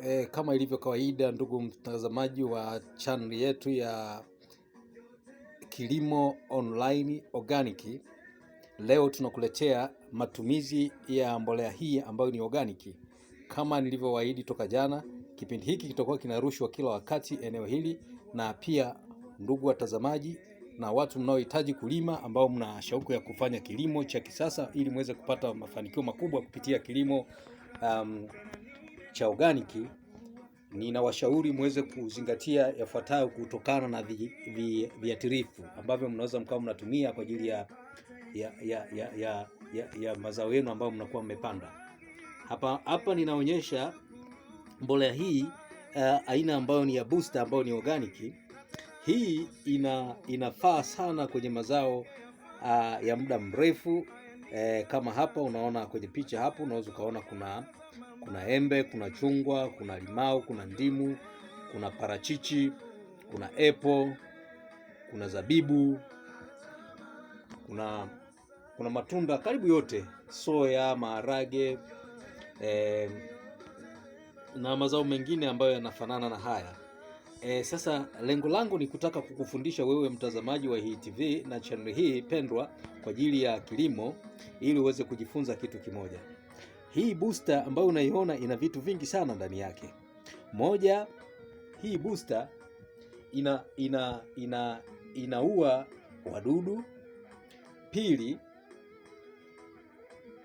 E, kama ilivyo kawaida, ndugu mtazamaji wa channel yetu ya Kilimo Online Organic, leo tunakuletea matumizi ya mbolea hii ambayo ni organic. Kama nilivyowaahidi toka jana, kipindi hiki kitakuwa kinarushwa kila wakati eneo hili, na pia ndugu watazamaji na watu mnaohitaji kulima, ambao mna shauku ya kufanya kilimo cha kisasa ili muweze kupata mafanikio makubwa kupitia kilimo um, cha organiki, ninawashauri muweze kuzingatia yafuatayo kutokana na viatirifu vi, vi ambavyo mnaweza mkawa mnatumia kwa ajili ya, ya, ya, ya, ya, ya, ya mazao yenu ambayo mnakuwa mmepanda. Hapa, hapa ninaonyesha mbolea hii uh, aina ambayo ni ya booster ambayo ni organiki. Hii ina inafaa sana kwenye mazao uh, ya muda mrefu eh, kama hapa unaona kwenye picha hapo unaweza ukaona kuna kuna embe, kuna chungwa, kuna limau, kuna ndimu, kuna parachichi, kuna apple, kuna zabibu, kuna kuna matunda karibu yote, soya, maharage eh, na mazao mengine ambayo yanafanana na haya. E, sasa lengo langu ni kutaka kukufundisha wewe mtazamaji wa hii TV na channel hii pendwa kwa ajili ya kilimo ili uweze kujifunza kitu kimoja. Hii booster ambayo unaiona ina vitu vingi sana ndani yake. Moja, hii booster ina ina ina inaua wadudu. Pili,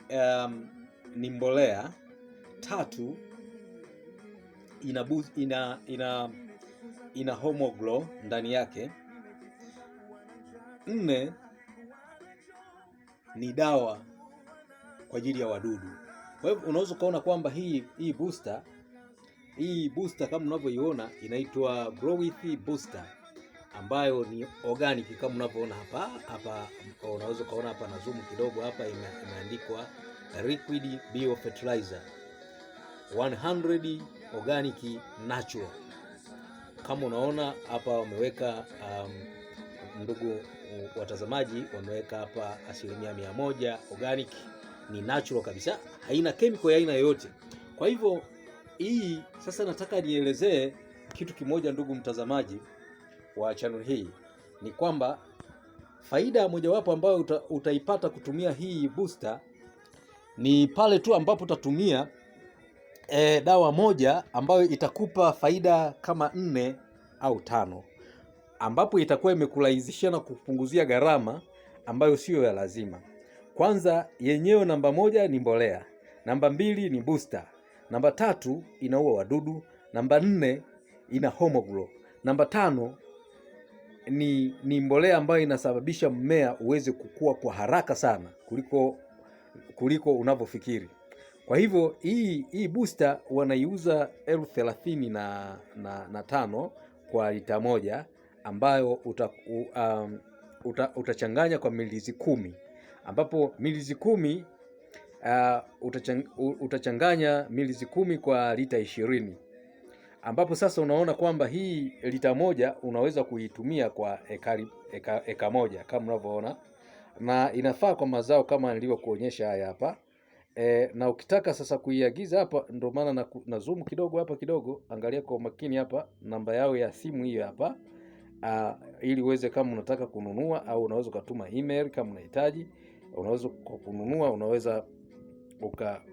um, ni mbolea. Tatu, ina ina ina, ina homoglow ndani yake. Nne, ni dawa kwa ajili ya wadudu. Kwa hivyo unaweza ukaona kwamba hii hii booster hii booster kama unavyoiona inaitwa Growth Booster ambayo ni organic kama unavyoona hapa hapa, unaweza ukaona hapa na zoom kidogo hapa, imeandikwa liquid bio fertilizer 100 organic natural. Kama unaona hapa wameweka um, ndugu watazamaji, wameweka hapa asilimia mia moja organic ni natural kabisa, haina chemical ya aina yoyote. Kwa hivyo hii sasa nataka nielezee kitu kimoja, ndugu mtazamaji wa channel hii, ni kwamba faida mojawapo ambayo uta, utaipata kutumia hii booster ni pale tu ambapo utatumia e, dawa moja ambayo itakupa faida kama nne au tano ambapo itakuwa imekurahisishia na kupunguzia gharama ambayo siyo ya lazima. Kwanza yenyewe namba moja ni mbolea, namba mbili ni booster, namba tatu inaua wadudu, namba nne ina homoglo, namba tano ni, ni mbolea ambayo inasababisha mmea uweze kukua kwa haraka sana kuliko, kuliko unavyofikiri. Kwa hivyo hii, hii booster wanaiuza elfu thelathini na, na, na tano kwa lita moja ambayo uta, um, uta, utachanganya kwa milizi kumi ambapo milizi kumi uh, utachang, utachanganya milizi kumi kwa lita ishirini ambapo sasa unaona kwamba hii lita moja unaweza kuitumia kwa ekari, eka, eka moja kama unavyoona, na inafaa kwa mazao kama nilivyokuonyesha haya hapa e, na ukitaka sasa kuiagiza hapa, ndio maana na, na zoom kidogo hapa kidogo, angalia kwa umakini hapa, namba yao ya simu hiyo hapa uh, ili uweze kama unataka kununua au unaweza ukatuma email kama unahitaji unaweza kununua, unaweza uka